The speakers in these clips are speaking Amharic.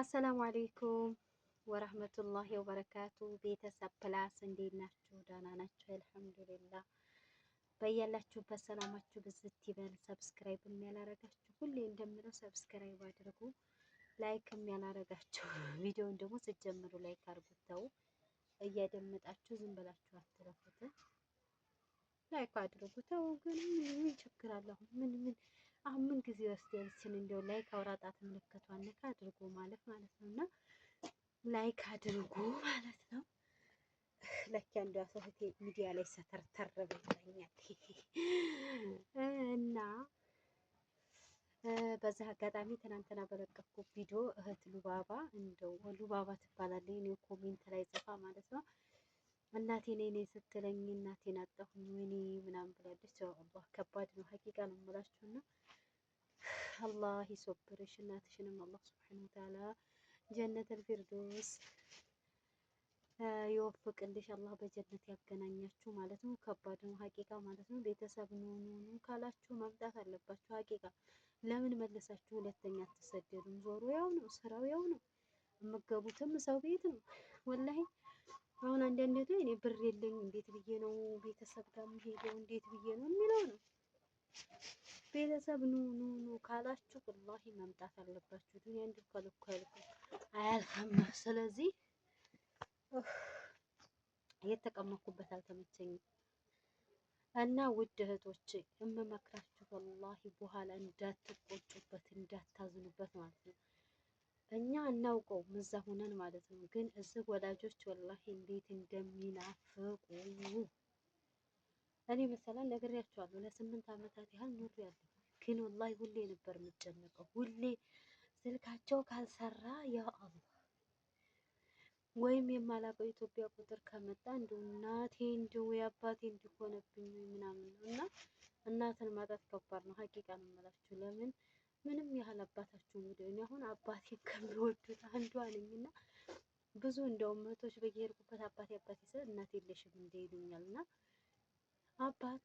አሰላሙ አሌይኩም ወረህመቱላሂ ወበረካቱ ቤተሰብ ፕላስ እንዴት ናችሁ? ደህና ናችሁ? አልሐምዱሊላ በያላችሁበት ሰላማችሁ ብዝት ይበል። ሰብስክራይብ ያላረጋችሁ ሁሌ እንደምለው ሰብስክራይብ አድርጉ። ላይክም ያላረጋችሁ ቪዲዮውን ደግሞ ስትጀምሩ ላይክ አድርጉት። ተው እያደመጣችሁ ዝም ብላችሁ አትለፉትም። ላይክ አድርጉ። ተው ግን ምን ችግር አለ? ምን ምን አሁን ምን ጊዜ ወስደልችን እንዲያው ላይክ አውራጣት ምልክቷን ነካ አድርጎ ማለት ማለት ነው እና ላይክ አድርጎ ማለት ነው። ለኪ እንደ ሰው ሚዲያ ላይ ሰተርተር ብለኛል እና በዛ አጋጣሚ ትናንትና በለቀኩ ቪዲዮ እህት ሉባባ እንደው ሉባባ ትባላለች። እኔ ኮሜንት ላይ ጽፋ ማለት ነው እናቴ ነኝ ስትለኝ እናቴን አጣሁኝ ወይኔ ምናምን ብላለች። ያው አላህ ከባድ ነው ሀቂቃ ነው የምላችሁ እና አላህ ይሶብርሽ። እናትሽንም አላህ ስብሐነ ወተዓላ ጀነት ፊርዶስ ይወፍቅልሽ። አላህ በጀነት ያገናኛችሁ ማለት ነው። ከባድ ነው ሀቂቃ ማለት ነው። ቤተሰብ ነው ካላችሁ መምጣት አለባችሁ ሀቂቃ። ለምን መለሳችሁ ሁለተኛ አትሰደዱም። ዞሮ ያው ነው፣ ስራው ያው ነው፣ የምገቡትም ሰው ቤት ነው። ወላሂ አሁን አንዳንዴ እኔ ብር የለኝ እንዴት ብዬ ነው ቤተሰብ ጋር የምሄደው እንዴት ብዬ ነው የሚለው ነው ቤተሰብ ኑ ኑ ኑ ካላችሁ ወላሂ መምጣት አለባችሁ። ዱንያ እንዲሁ ከልኩ አያልፍም። ስለዚህ የተቀመጥኩበት አልተመቸኝም እና ውድ እህቶቼ የምመክራችሁ ወላሂ በኋላ እንዳትቆጩበት እንዳታዝኑበት ማለት ነው። እኛ እናውቀው እዛ ሆነን ማለት ነው። ግን እዚህ ወላጆች ወላሂ እንዴት እንደሚናፍቁ እኔ መሰላ ነግሬያቸዋለሁ። ለስምንት ዓመታት ያህል ኖር ያለሁ ግን ወላሂ ሁሌ ነበር የምጨነቀው። ሁሌ ስልካቸው ካልሰራ ያ አላህ ወይም የማላውቀው ኢትዮጵያ ቁጥር ከመጣ እንዲሁ እናቴ እንዲሁ የአባቴ እንዲሁ ምናምን ነው እና እናትን ማጣት ከባድ ነው። ሀቂቃ ነው የምላችሁ። ለምን ምንም ያህል አባታችሁ እንግዲህ እኔ አሁን አባቴ ከሚወዱት አንዷ ነኝ እና ብዙ እንደውም እህቶች በየሄድኩበት አባቴ አባቴ ስል እናቴ የለሽም እንደ ይሉኛል እና አባት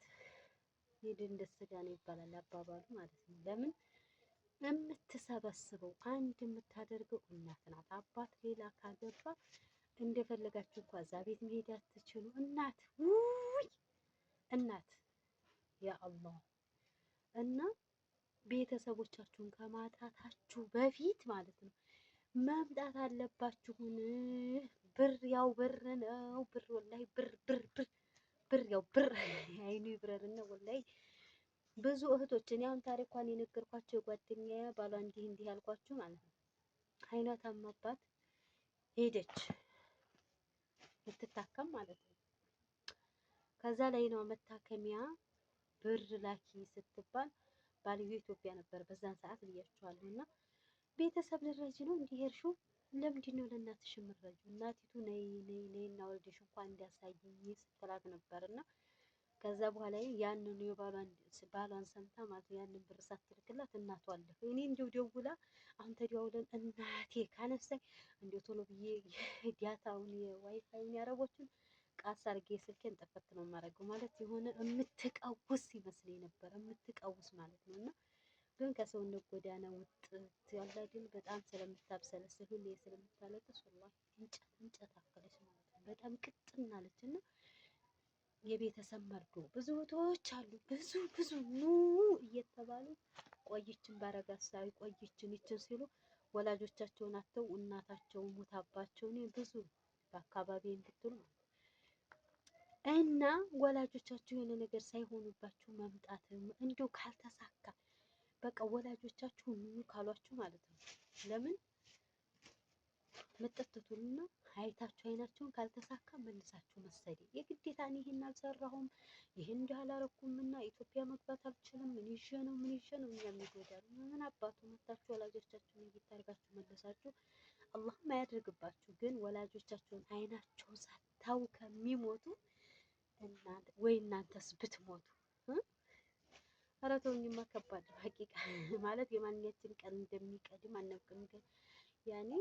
የደንደስ ስጋ ነው ይባላል አባባሉ ማለት ነው። ለምን የምትሰበስበው አንድ የምታደርገው እናት ናት። አባት ሌላ ካገባ እንደፈለጋችሁ እንኳ እዛ ቤት መሄድ አትችሉ። እናት ውይ እናት ያ እና ቤተሰቦቻችሁን ከማጣታችሁ በፊት ማለት ነው መምጣት አለባችሁን። ብር ያው ብር ነው። ብር ወላሂ ብር ብር ብር ብር ያው ብር አይኑ ይብረርና ወላይ ብዙ እህቶች እኔ አሁን ታሪኳን የነገርኳቸው የጓደኛዬ ባሏ እንዲህ እንዲህ ያልኳችሁ ማለት ነው። አይኗ ታማባት ሄደች ልትታከም ማለት ነው። ከዛ ላይ ነው መታከሚያ ብር ላኪ ስትባል ባልዩ ኢትዮጵያ ነበር በዛን ሰዓት ብያችኋለሁ። እና ቤተሰብ ልረጅ ነው እንዲህ እርሹ ለምንድነው ለእናትሽ የምትረጂው? እናቲቱ ነይ ነይ ነይ እና ወልድሽ እንኳን እንዲያሳይኝ ስትላት ነበር እና ከዛ በኋላ ያንን የባሏን ሰምታ ማለት ያንን ብር ሳትልክላት እናቷ አለፈ። እኔ እንደው ደውላ አንተ ደውለን እናቴ ካነሳኝ እንደው ቶሎ ብዬ ዳታውን የዋይፋይን ያረቦችን ቃስ አድርጌ ስልኬን ጠፈት ነው የማደርገው ማለት የሆነ የምትቃውስ ይመስለኝ ነበር የምትቃውስ ማለት ነው እና ግን ከሰውነት ጎዳና ውጥት ያለ ግን በጣም ስለምታብሰለስል ሁሌ ስለምታለቅስ ወላሂ እንጨት እንጨት አፈለች ማለት ነው። በጣም ቅጥን አለች እና የቤተሰብ መርዶ ብዙ ቦታዎች አሉ። ብዙ ብዙ ኑ እየተባሉ ቆይችን ባረጋት ሳይ ቆይችን ይችን ሲሉ ወላጆቻቸውን አጥተው እናታቸውን ሙታባቸው እኔ ብዙ በአካባቢ እንድትሉ እና ወላጆቻቸው የሆነ ነገር ሳይሆኑባቸው መምጣት እንዲሁ ካልተሳካ በቃ ወላጆቻችሁ ኑ ካሏችሁ ማለት ነው። ለምን ምጥትቱንና አይታችሁ አይናችሁን ካልተሳካ መልሳችሁ መሰደድ የግዴታ። እኔ ይህን አልሰራሁም ይህን እንዲህ አላረኩም እና ኢትዮጵያ መግባት አልችልም ምን ይዤ ነው ምን ይዤ ነው እኛ የሚጎዳሉ ምን አባቱ መታችሁ ወላጆቻችሁን እንዲታርጋችሁ መልሳችሁ አላህም አያድርግባችሁ። ግን ወላጆቻችሁን አይናቸው ሳታው ከሚሞቱ እናንተ ወይ እናንተስ ብትሞቱ ኧረ ተውኝማ ከባድ ሀቂቃ ማለት የማንኛችን ቀን እንደሚቀድም አናውቅም። ያኔ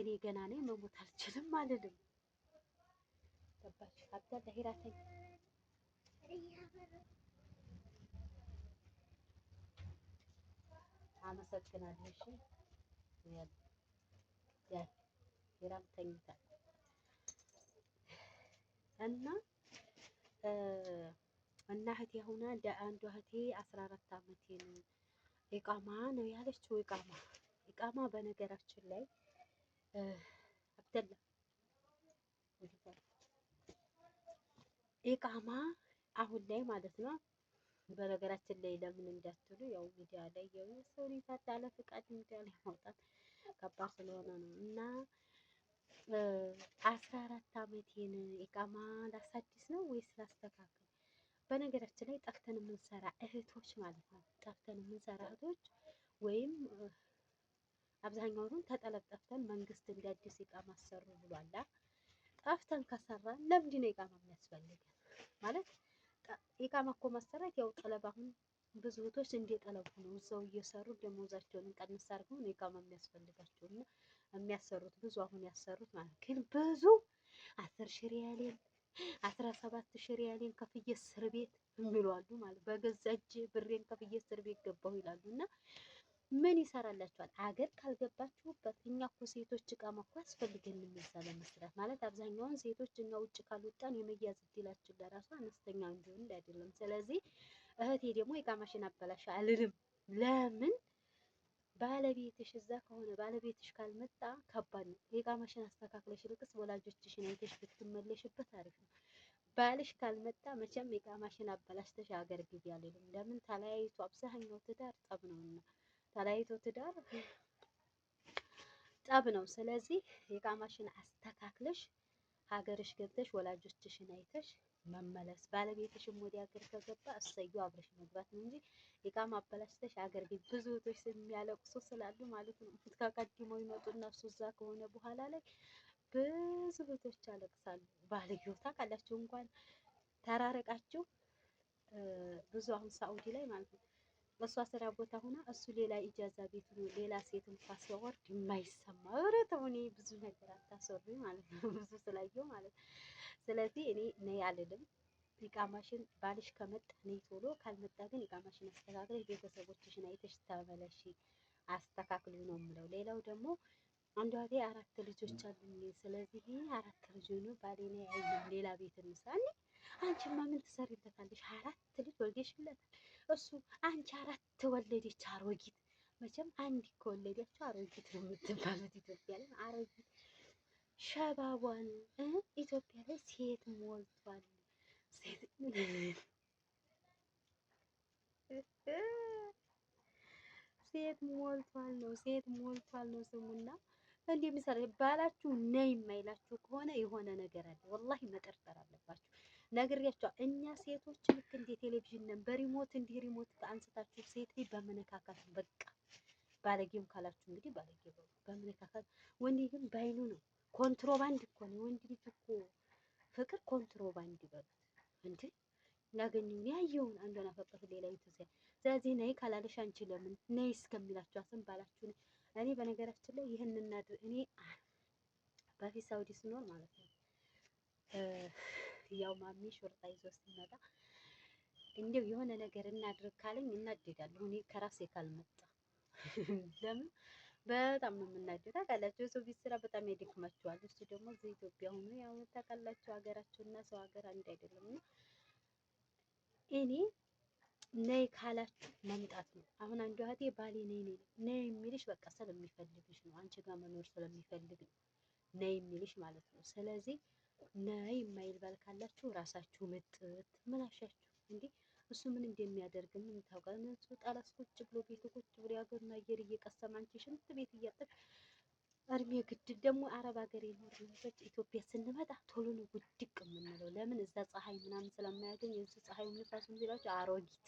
እኔ ገና ነኝ መሞት አልችልም አልልም። ገባሽ አብዛ ዛሄራተኝ አመሰግናለሁ። ሄራም ተኝታል እና እና እህቴ ሆና እንደ አንዷ እህቴ አስራ አራት አመቴ ነው ኢቃማ ነው ያለችው። ኢቃማ ኢቃማ በነገራችን ላይ አብደላ ኢቃማ አሁን ላይ ማለት ነው። በነገራችን ላይ ለምን እንዳትሉ ያው ሚዲያ ላይ የሰው ልጅ ያለ ፍቃድ ሚዲያ ላይ ማውጣት ከባድ ስለሆነ ነው እና አስራ አራት አመቴን ኢቃማ ላሳድስ ነው ወይስ ላስተካክል በነገራችን ላይ ጠፍተን የምንሰራ እህቶች ማለት ነው። ጠፍተን የምንሰራ እህቶች ወይም አብዛኛውን ተጠለብ ጠፍተን መንግስት እንደ አዲስ ኢቃማ አሰሩ ብሏላ። ጠፍተን ከሰራን ለምንድን ነው ኢቃማ የሚያስፈልገን? ማለት ኢቃማ እኮ መሰራት ያው ጠለብ አሁን ብዙ እህቶች እንደ ጠለቡ ነው እዛው እየሰሩ ደሞዛቸውን ቀንስ አድርገው ነው ኢቃማ የሚያስፈልጋቸው እና የሚያሰሩት ብዙ አሁን ያሰሩት ማለት ግን ብዙ አስር ሺህ ሪያሌን አስራ ሰባት ሺህ ሪያሌን ከፍዬ እስር ቤት የሚሉ አሉ ማለት በገዛ እጅ ብሬን ከፍዬ እስር ቤት ገባሁ ይላሉ። እና ምን ይሰራላችኋል? አገር ካልገባችሁበት እኛ እኮ ሴቶች እቃ መኳ አስፈልገን የምንዛ ለመስራት ማለት አብዛኛውን ሴቶች እኛ ውጭ ካልወጣን የመያዝ እድላችን ለራሱ አነስተኛ እንዲሆን እንዳይደለም። ስለዚህ እህቴ ደግሞ የእቃ ማሽን አበላሽ አልልም ለምን ባለቤትሽ እዛ ከሆነ ባለቤትሽ ካልመጣ ከባድ ነው። የእቃማሽን አስተካክለሽ ልቅስ ወላጆችሽን አይተሽ ብትመለሽበት አሪፍ ነው። ባልሽ ካልመጣ መቼም የእቃማሽን አበላሽተሽ አገር ግቢ አልልም። ለምን ተለያይቶ አብዛኛው ትዳር ጠብ ነውና ተለያይቶ ትዳር ጠብ ነው። ስለዚህ የእቃማሽን አስተካክለሽ ሀገርሽ ገብተሽ ወላጆችሽን አይተሽ መመለስ ባለቤትሽም ወደ ሀገር ከገባ እሰዩ አብረሽ መግባት ነው እንጂ የቃም አበላሽተሽ ሀገር ቤት ብዙ እህቶች የሚያለቅሱ ስላሉ ማለት ነው። ተቀድሞ ይመጡ እነሱ እዛ ከሆነ በኋላ ላይ ብዙ እህቶች ያለቅሳሉ። ባልየው ታውቃላችሁ እንኳን ተራረቃችሁ ብዙ አሁን ሳኡዲ ላይ ማለት ነው በእሷ ስራ ቦታ ሆና እሱ ሌላ ኢጃዛ ቤት ሌላ ሴትን ሳስወርድ የማይሰማ ኧረ ተው፣ እኔ ብዙ ነገር አታሰሩኝ ማለት ነው፣ ብዙ ስላየው ማለት ነው። ስለዚህ እኔ ነይ አልልም። ኢቃማሽን ባልሽ ከመጣ ነይ ቶሎ፣ ካልመጣ ግን ኢቃማሽን አስተካክለሽ ቤተሰቦችሽን አይተሽ ተመለሺ፣ አስተካክሉ ነው የምለው። ሌላው ደግሞ አንዷ ላይ አራት ልጆች አሉኝ። ስለዚህ አራት ልጅ ነው ባሌን ያየው ሌላ ቤት እንስራ። አንቺማ ምን ትሰሪበታለሽ? አራት ልጅ ወልደሽለታል እሱ አንቺ አራት ወለደች አሮጊት። መቼም አንድ ከወለደች አሮጊት ነው የምትባሉት ኢትዮጵያ ላይ አሮጊት ሸባቧን ኢትዮጵያ ላይ ሴት ሞልቷል። ሴት ሞልቷል ነው ሴት ሞልቷል ነው ስሙና እንዲህ ምሳሌ ባላችሁ ነይ የማይላችሁ ከሆነ የሆነ ነገር አለ። ወላሂ መጠርጠር አለባችሁ። ነግሬያቸዋለሁ። እኛ ሴቶች ልክ እንደ ቴሌቪዥን ነን። በሪሞት እንዲህ ሪሞት አንስታችሁ ሴት ልጅ በመነካካት በቃ ባለጌም ካላችሁ እንግዲህ ባለጌ በመነካካት ወንድ ግን በአይኑ ነው። ኮንትሮባንድ እኮ ነው ወንድ ልጅ እኮ ፍቅር ኮንትሮባንድ ይበሉ እንጂ ያገኘውን ያየውን አንዷን አፈቀፈ ሌላ ይተሳል። ስለዚህ ነይ ካላለሽ አንቺ ለምን ነይ እስከሚላችሁ አፍን ባላችሁ ነው። እኔ በነገራችን ላይ ይህን እናድር እኔ በፊት ሳውዲ ስኖር ማለት ነው ያው ማሚ ሾርጣ ይዞ ሲመጣ እንዲያው የሆነ ነገር እናድርግ ካለኝ እናደዳለሁ። እኔ ከራሴ ካልመጣ ለምን በጣም ነው የምናደው። ታውቃላችሁ የሰው ቤት ስራ በጣም ያደክማችኋል። እሱ ደግሞ እዚህ ኢትዮጵያ ሆኖ ያው ታውቃላችሁ ሀገራችሁ እና ሰው ሀገር አንድ አይደለም። እና እኔ ነይ ካላችሁ መምጣት ነው። አሁን አንዱ እህቴ ባሌ ነይ ነይ ነይ የሚልሽ በቃ ስለሚፈልግሽ ነው። አንቺ ጋር መኖር ስለሚፈልግ ነው ነይ የሚልሽ ማለት ነው። ስለዚህ ነይ የማይል ባል ካላችሁ ራሳችሁ ምጥት ምላሻችሁ እንዴ! እሱ ምን እንደሚያደርግ ምን ታውቃል? እሱ ጣላት ቁጭ ብሎ ቤት ቁጭ ብሎ ያገሩን አየር እየቀሰመ አንቺ ሽንት ቤት እያጠብሽ እድሜ ግድ ደግሞ አረብ ሀገር የኖርን ልጆች ኢትዮጵያ ስንመጣ ቶሎ ነው ውድቅ የምንለው። ለምን እዛ ፀሐይ ምናምን ስለማያገኝ እዚህ ፀሐይ ንፋስ ቢላቸው አሮጊት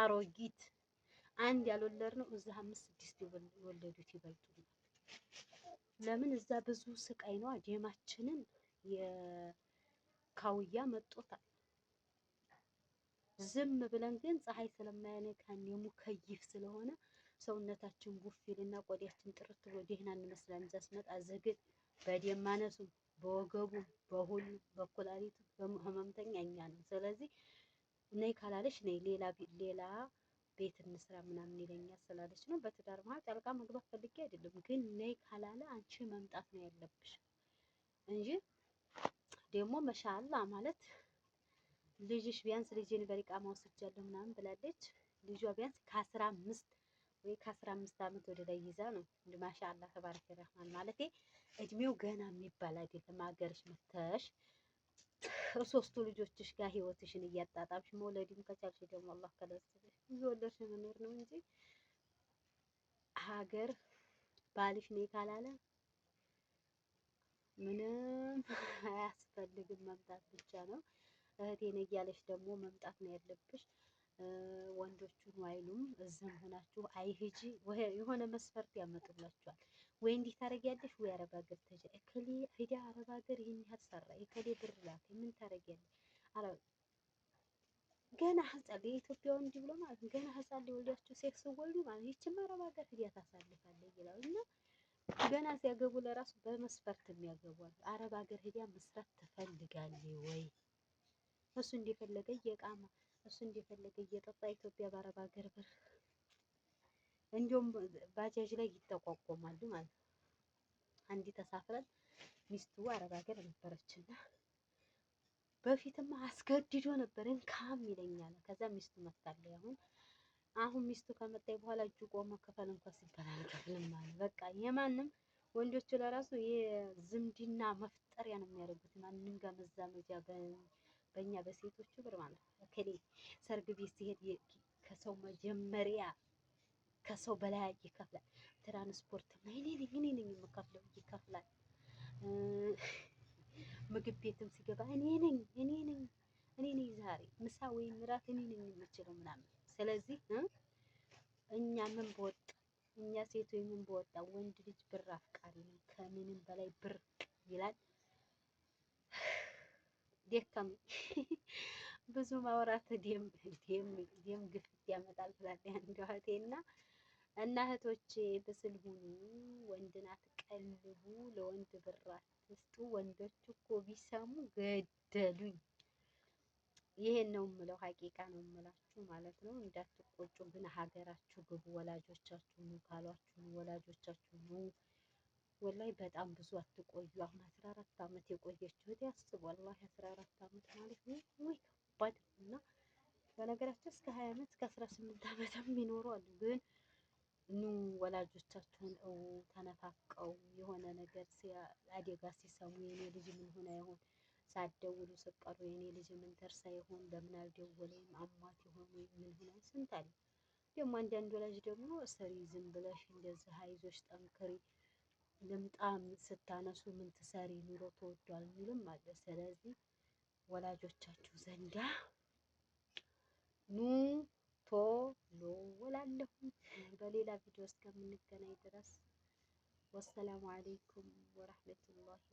አሮጊት አንድ ያልወለድ ነው እዛ አምስት ስድስት የወለዱት ይበልጡናል። ለምን እዛ ብዙ ስቃይ ነው ጀማችንን የካውያ መጦታል። ዝም ብለን ግን ፀሐይ ስለማያነካን የሙከይፍ ስለሆነ ሰውነታችን ጉፍ ይልና ቆዳችን ጥርት ብሎ ደህና እንመስላለን። እዛ ስመጣ እዚህ በደም ማነሱ በወገቡ በሁሉ በኩላሊቱ ህመምተኛ እኛ ነው። ስለዚህ ነይ ካላለች ነይ ሌላ ሌላ ቤት እንስራ ምናምን ይለኛል ስላለች ነው። በትዳር መሀል ጣልቃ መግባት ፈልጌ አይደለም፣ ግን ነይ ካላለ አንቺ መምጣት ነው ያለብሽ እንጂ ደግሞ መሻላ ማለት ልጅሽ ቢያንስ ልጅን በሪቃ ማውሰጃለሁ ምናምን ብላለች። ልጇ ቢያንስ ከአስራ አምስት ወይ ከአስራ አምስት ዓመት ወደ ላይ ይዛ ነው እንዲ ማሻላ ተባረከ ረህማን ማለት እድሜው ገና የሚባል አይደለም። ሀገርሽ መተሽ ሶስቱ ልጆችሽ ጋር ህይወትሽን እያጣጣምሽ መውለድም ከቻልሽ ደግሞ አላህ ከለስልሽ እየወለድሽ መኖር ነው እንጂ ሀገር ባልሽ ነው ካላለ ምንም አያስፈልግም። መምጣት ብቻ ነው። እህቴ ነኝ ያለሽ ደግሞ መምጣት ነው ያለብሽ። ወንዶቹም አይሉም እዛም ሆናችሁ አይ የሆነ መስፈርት ያመጡላችኋል። ወይ እንዲህ ታደርጊያለሽ ወይ አረብ ሀገር ትሄጂ እከሌ ሂዳ አረብ ሀገር ይህን ያህል ሰራ እከሌ ብር ላከ ምን ታደርጊያለሽ? ገና ህጻን የኢትዮጵያ ወንድ ብሎ ማለት ነው ገና ህጻን ሊወልዳችሁ ሴት ስትወልዱ ማለት ይችማ አረብ ሀገር ሂዳ ታሳልፋለች ይላል እና ገና ሲያገቡ ለራሱ በመስፈርት የሚያገቧል። አረብ ሀገር ሄዳ መስራት ትፈልጋለች ወይ? እሱ እንደፈለገ እየቃማ እሱ እንደፈለገ እየጠጣ ኢትዮጵያ በአረብ ሀገር ብር እንዲሁም ባጃጅ ላይ ይጠቋቆማሉ ማለት ነው። አንድ ተሳፍረን ሚስቱ አረብ ሀገር ነበረች እና በፊትማ አስገድዶ ነበር እንካም ይለኛል። ከዛ ሚስቱ መታለች አሁን አሁን ሚስቱ ከመጣች በኋላ እጁ ቆሞ ክፈል እንኳን ሲባል አልከፍልም ማለት በቃ የማንም ወንዶቹ ለራሱ የዝምድና መፍጠሪያ ነው የሚያደርጉት። ማንም ጋር መዛመጃ በእኛ በሴቶቹ ብር ማለት ነው። ከሌ ሰርግ ቤት ሲሄድ ከሰው መጀመሪያ ከሰው በላይ ይከፍላል። ትራንስፖርት እኔ ነኝ እኔ ነኝ የምከፍለው ይከፍላል። ምግብ ቤትም ሲገባ እኔ ነኝ እኔ ነኝ እኔ ነኝ ዛሬ ምሳ ወይም እራት እኔ ነኝ የምችለው ምናምን ስለዚህ እኛ ምን በወጣ እኛ ሴቶች ምን በወጣ ወንድ ልጅ ብር አፍቃሪ ነው። ከምንም በላይ ብር ይላል። ደከመኝ ብዙ ማውራት ደም ደም ግፊት ያመጣል ብላለች አንዷ እህቴ እና እና እህቶቼ ብስል ሁኑ፣ ወንድን አትቀልቡ፣ ለወንድ ብር አትስጡ። ወንዶች እኮ ቢሰሙ ገደሉኝ። ይሄን ነው የምለው፣ ሀቂቃ ነው የምላችሁ ማለት ነው። እንዳትቆጩብን፣ ሀገራችሁ ግቡ። ወላጆቻችሁ ነው ካሏችሁ ወላጆቻችሁ ኑ። ወላይ በጣም ብዙ አትቆዩ። አሁን አስራ አራት አመት የቆየችው እህቴ አስቡ፣ ወላሂ አስራ አራት አመት ማለት ነው ወይ ከባድ እና በነገራችን እስከ ሀያ አመት እስከ አስራ ስምንት አመትም የሚኖሩ አሉ ግን ኑ ወላጆቻችሁን እው ተነፋፍቀው የሆነ ነገር አደጋ ሲሰሙ የኔ ልጅ ምን ሆነ ይሆን ሳትደውሉ ስቀሩ የኔ ልጅ ምን ተርሳ ይሆን ለምን አልደወለኝም? አሟት ይሆን ወይም ምን ሆነ? ስንት አለ ደግሞ አንዳንድ ወላጅ ደግሞ ስሪ ዝም ብለሽ እንደዚህ አይዞሽ ጠንክሪ ልምጣ ስታነሱ ምን ትሰሪ ኑሮ ተወዷል የሚልም አለ። ስለዚህ ወላጆቻችሁ ዘንዳ ኑ ቶሎ እላለሁኝ። በሌላ ቪዲዮ እስከምንገናኝ ድረስ ወሰላሙ አሌይኩም ወረህመቱላሂ